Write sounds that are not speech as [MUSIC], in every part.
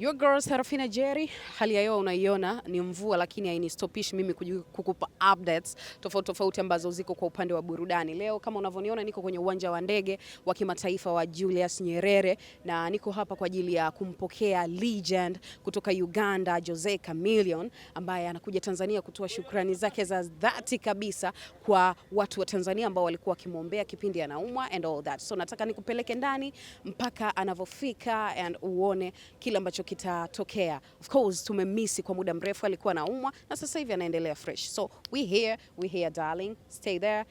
Your girls Serafina Jerry, hali ya hewa unaiona ni mvua, lakini hainistopishi mimi kukupa updates tofauti tofauti ambazo ziko kwa upande wa burudani. Leo kama unavyoniona, niko kwenye uwanja wa ndege wa kimataifa wa Julius Nyerere na niko hapa kwa ajili ya kumpokea legend kutoka Uganda Jose Chameleon, ambaye anakuja Tanzania kutoa shukrani zake za dhati kabisa kwa watu wa Tanzania ambao walikuwa wakimwombea kipindi anaumwa and all that. So nataka nikupeleke ndani mpaka anavyofika and uone kila ambacho kitatokea. Of course tumemisi kwa muda mrefu, alikuwa anaumwa na sasa hivi anaendelea fresh, so we here, we here darling, stay there,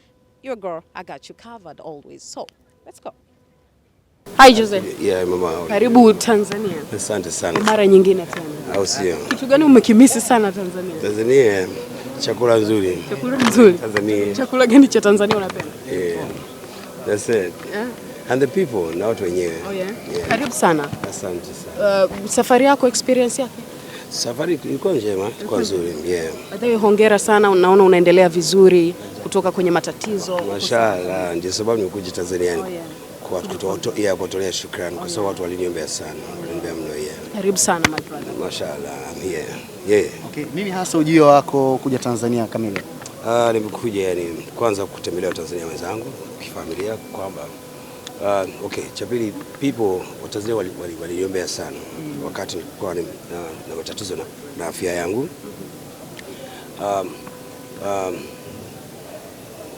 your girl, I got you covered always, so let's go. Hi Jose. Yeah, mama. Karibu Tanzania. Asante sana. Mara nyingine tena. Au sio? Kitu gani umekimisi sana Tanzania? Tanzania chakula nzuri. Chakula nzuri. Tanzania. Chakula gani cha Tanzania unapenda? Yeah. That's it. Yeah and the people na watu wenyewe. Oh yeah. Yeah. Karibu sana. Asante sana. Uh, safari yako experience yake? Safari ilikuwa njema, ilikuwa nzuri. Mm -hmm. Yeah. Baadaye hongera sana, unaona unaendelea vizuri kutoka kwenye matatizo. Mashaallah, ndio sababu nimekuja Tanzania. Oh yeah. Kwa kutolea kutolea shukrani kwa oh, sababu watu waliniombea sana, waliniombea mno. Yeah. Karibu sana my brother. Mashallah. Yeah. Yeah. Okay, nini hasa ujio wako kuja Tanzania kamili? Ah, nimekuja yani kwanza kutembelea Tanzania wenzangu kifamilia kwamba Uh, okay, cha pili people Watanzania waliniombea wali, wali sana mm. wakati nilikuwa na, na matatizo na, na afya yangu um, um,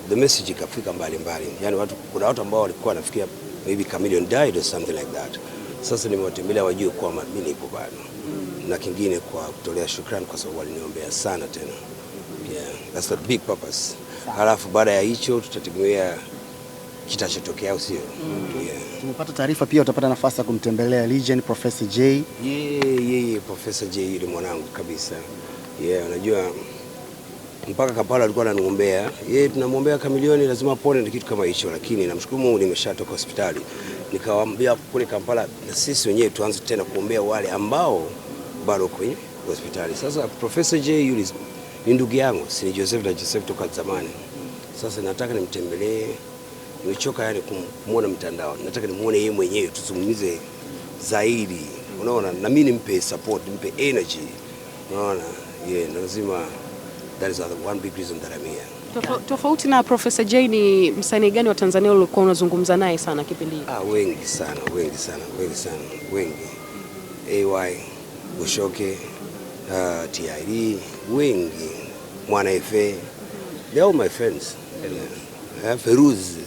the message ikafika mbali mbali. Yani watu, kuna watu ambao walikuwa wanafikia maybe chameleon died or something like that. Sasa nimewatembelea wajue kwamba mimi nipo bado mm. na kingine kwa kutolea shukrani kwa sababu waliniombea sana tena yeah, that's the big purpose. Halafu baada ya hicho tutategemea kitachotokea au sio? mm. yeah. Tumepata taarifa pia utapata nafasi ya kumtembelea Legend Professor J. Yeye yeah, yeah, yeah, Professor J yule mwanangu kabisa. Yeah, unajua mpaka Kampala alikuwa ananiombea yeye, yeah, tunamwombea Kamilioni lazima pone na kitu kama hicho, lakini namshukuru Mungu nimeshatoka hospitali. Nikawaambia kule Kampala na sisi wenyewe tuanze tena kuombea wale ambao bado kwenye hospitali. Sasa Professor J yule ni ndugu yangu, si Joseph na Joseph toka zamani. Sasa nataka nimtembelee nimechoka yani kumwona mtandao, nataka nimuone yeye mwenyewe, tuzungumze zaidi, unaona, na mimi nimpe support, nimpe energy, unaona. Yeah, ndio lazima, that is the one big reason that I'm here. Tofauti na Professor Jay, ni msanii gani wa Tanzania ulikuwa unazungumza naye sana kipindi hiki? Ah, wengi sana wengi sana wengi sana wengi AY Goshoke, uh, ah, TID wengi, Mwana FA, they are all my friends. Yeah. Eh, Feruz.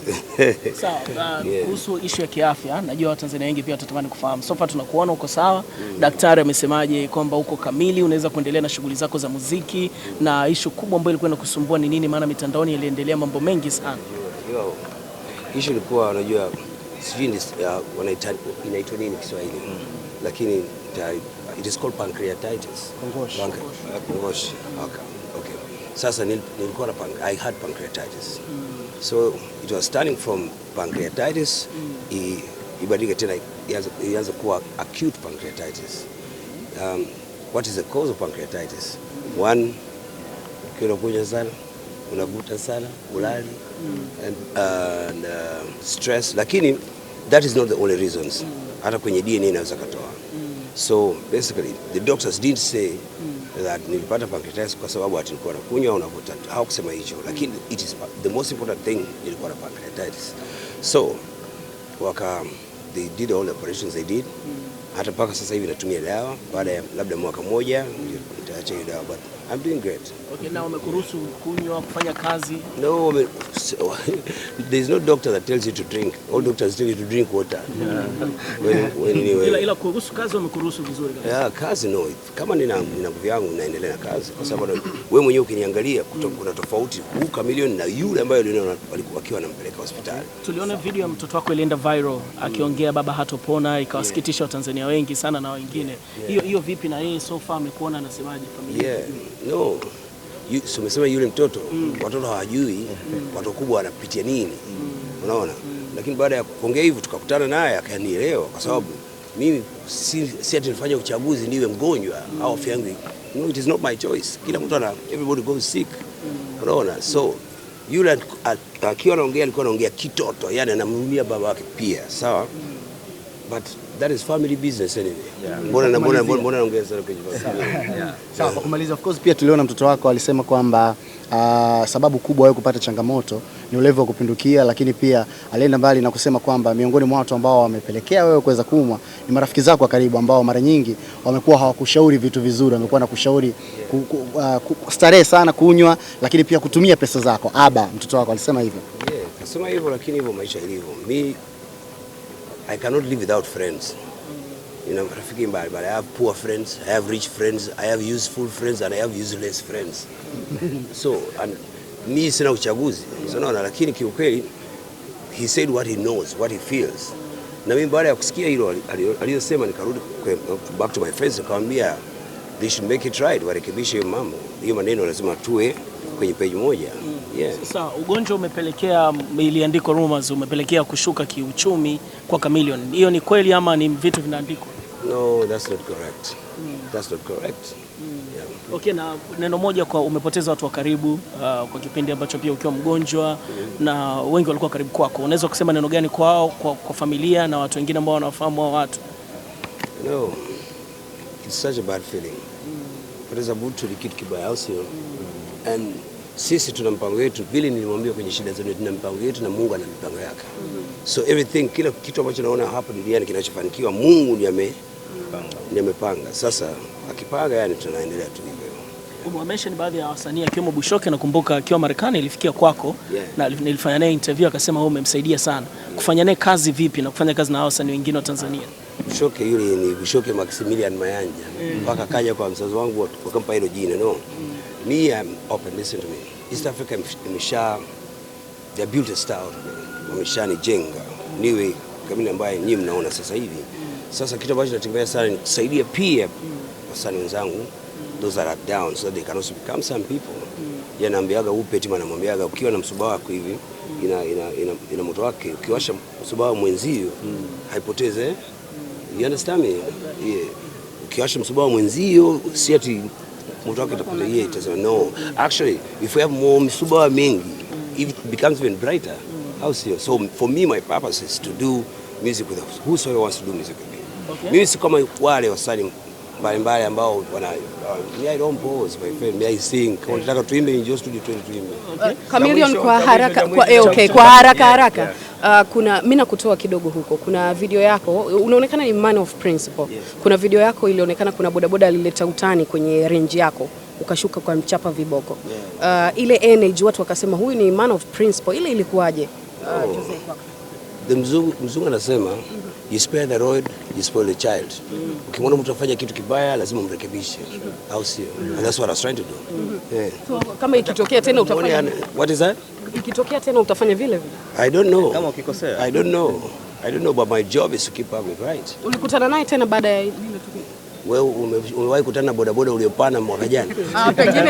Sawa. [LAUGHS] Uh, kuhusu ishu ya kiafya, najua Watanzania wengi pia watatamani kufahamu. Sofa tunakuona uko sawa mm. Daktari amesemaje kwamba uko kamili, unaweza kuendelea na shughuli zako za muziki mm. na ishu kubwa ambayo ilikuwa inakusumbua ni nini? Maana mitandaoni iliendelea mambo mengi sana. Ishu ilikuwa unajua, sijui inaitwa nini Kiswahili mm. lakini it is called pancreatitis. Kongoshi. Eh, Kongoshi. Okay. Sasa nilikuwa na I had pancreatitis mm. so it was turning from pancreatitis mm. ibadilike tena ianze kuwa acute pancreatitis. Um, what is the cause of pancreatitis? mm. One, unakunywa sana, unavuta sana, ulali mm. and, uh, and uh, stress, lakini that is not the only reasons. Mm. Hata kwenye DNA inaweza katoa. mm. So basically the doctors didn't say that nilipata pancreatitis kwa sababu ati nilikuwa nakunywa au navuta. kusema hicho, lakini it is the most important thing, nilikuwa na pancreatitis so waka they did all the operations they did mm hata mpaka sasa hivi natumia dawa, baada ya labda mwaka mmoja nitaacha hiyo dawa, but I'm doing great. Okay, na wamekuruhusu kunywa, kufanya kazi? No, so, [LAUGHS] there is no doctor that tells you to drink. All doctors tell you to drink water. When, when [LAUGHS] anyway. Ila, ila kuruhusu kazi wamekuruhusu vizuri kabisa. Yeah, kazi no. Kama nina nina nguvu yangu naendelea na kazi kwa sababu wewe mwenyewe ukiniangalia mm. kuna tofauti huu Chameleone na yule ambaye walikuwa wakiwa wanampeleka hospitali. Tuliona video ya mtoto wako ilienda viral akiongea baba hatopona, ikawasikitisha Watanzania. Watanzania wengi sana na wengine hiyo yeah. hiyo vipi na yeye so far amekuona anasemaje familia? Yeah. No. Umesema yule mtoto mm. watoto hawajui mm. watu wakubwa wanapitia nini mm. unaona mm. lakini baada ya kuongea hivyo tukakutana naye akanielewa kwa sababu mm. mimi si, si ati nifanya uchaguzi niwe mgonjwa mm. au afya yangu no, it is not my choice. Kila mtu ana everybody goes sick mm. unaona so yule akiwa anaongea alikuwa anaongea kitoto, yani anamrumia baba wake pia sawa mm but that is family business anyway. Mbona mbona mbona naongea sana kwenye familia. Sawa, kwa kumaliza, of course pia tuliona mtoto wako alisema kwamba Uh, sababu kubwa wewe kupata changamoto ni ulevi wa kupindukia, lakini pia alienda mbali na kusema kwamba miongoni mwa watu ambao wamepelekea wewe kuweza kuumwa ni marafiki zako wa karibu ambao mara nyingi wamekuwa hawakushauri vitu vizuri, wamekuwa na kushauri ku, ku, uh, ku, starehe sana, kunywa, lakini pia kutumia pesa zako. Aba, mtoto wako alisema hivyo. Yeah, kasema hivyo, lakini hivyo maisha ilivyo. Mimi I cannot live without friends. Nina marafiki mbalimbali. I have poor friends, I have rich friends, I have useful friends and I have useless friends. [LAUGHS] So, and mi sina uchaguzi. So naona lakini kiukweli he said what he knows, what he feels. Na mimi baada ya kusikia hilo aliyosema nikarudi back to my friends nikamwambia they should make it right, warekebishe hiyo mambo. Hiyo maneno lazima tuwe kwenye page moja. Yeah. Sasa ugonjwa umepelekea, iliandikwa rumors, umepelekea kushuka kiuchumi kwa Chameleone. Hiyo ni kweli ama ni vitu vinaandikwa? No, that's not correct. Mm. That's not correct. Mm. Yeah. Okay, na neno moja kwa umepoteza watu wa karibu uh, kwa kipindi ambacho pia ukiwa mgonjwa mm. na wengi walikuwa karibu kwako, unaweza kusema neno gani kwao, kwa, kwa familia na watu wengine ambao wanawafahamu hao watu? No. It's such a bad feeling. Mm. Kupoteza mtu ni kitu kibaya, au Mm. And sisi tuna mpango wetu, Bili nilimwambia kwenye shida zenu, tuna mpango wetu na Mungu ana mipango yake. So everything, kila kitu ambacho naona hapa duniani kinachofanikiwa Mungu ndiye amepanga. Ndiye amepanga. Sasa akipanga, yani tunaendelea tu hivyo. Umewamesheni baadhi ya wasanii akiwemo Bushoke, nakumbuka akiwa Marekani ilifikia kwako, yeah. Na nilifanya naye interview akasema wewe umemsaidia sana. Kufanya naye kazi vipi na kufanya kazi na hao wasanii wengine wa Tanzania? Bushoke yule ni Bushoke Maximilian Mayanja mm. mpaka mm. kaja kwa mzazi wangu wakampa hilo jina no mm. Me, I'm open, listen to me. East Africa imesha they built a star jenga. niwe kamili ambaye nyinyi mnaona sasa hivi. Sasa kitu ambacho natembea sana ni kusaidia pia wasanii wenzangu those that are down so they can also become some people. Mm. Yanaambiaga upe tima, na namwambiaga ukiwa na msuba wako hivi mm. ina, ina, ina, ina moto wake, ukiwasha msuba wa mwenzio mm. haipoteze. You understand me? Yeah. Ukiwasha msuba wa mwenzio si ati mtu wake itakuletea itasema no. Actually, if we have more misuba mingi, it becomes even brighter. How so? So for me, my purpose is to do music with whosoever wants to do music with me. Okay. Mimi si kama wale wasanii mbalimbali ambao wana I I don't my friend sing kwa nataka tuimbe in just to tuimbe. Okay. Chameleone eh, kwa haraka kwa, eh, okay, kwa haraka haraka uh, kuna mimi nakutoa kidogo huko. Kuna video yako unaonekana ni man of principle. Yes. Kuna video yako ilionekana kuna bodaboda alileta utani kwenye range yako ukashuka kwa mchapa viboko. Uh, ile energy watu wakasema huyu ni man of principle. Ile ilikuwaje? Uh, oh. Mzungu anasema mm -hmm you spare the road, you spoil the child. Ukimwona mtu afanya kitu kibaya lazima mrekebishe, au sio? And that's what I was trying to do. Yeah. So kama ikitokea tena utafanya what is that? Ikitokea tena utafanya vile vile? I don't know. Kama ukikosea. I don't know. I don't know but my job is to keep up with right. Ulikutana naye tena baada ya lile tukio? Wewe umewahi kutana bodaboda uliopana mwaka jana? Ah, pengine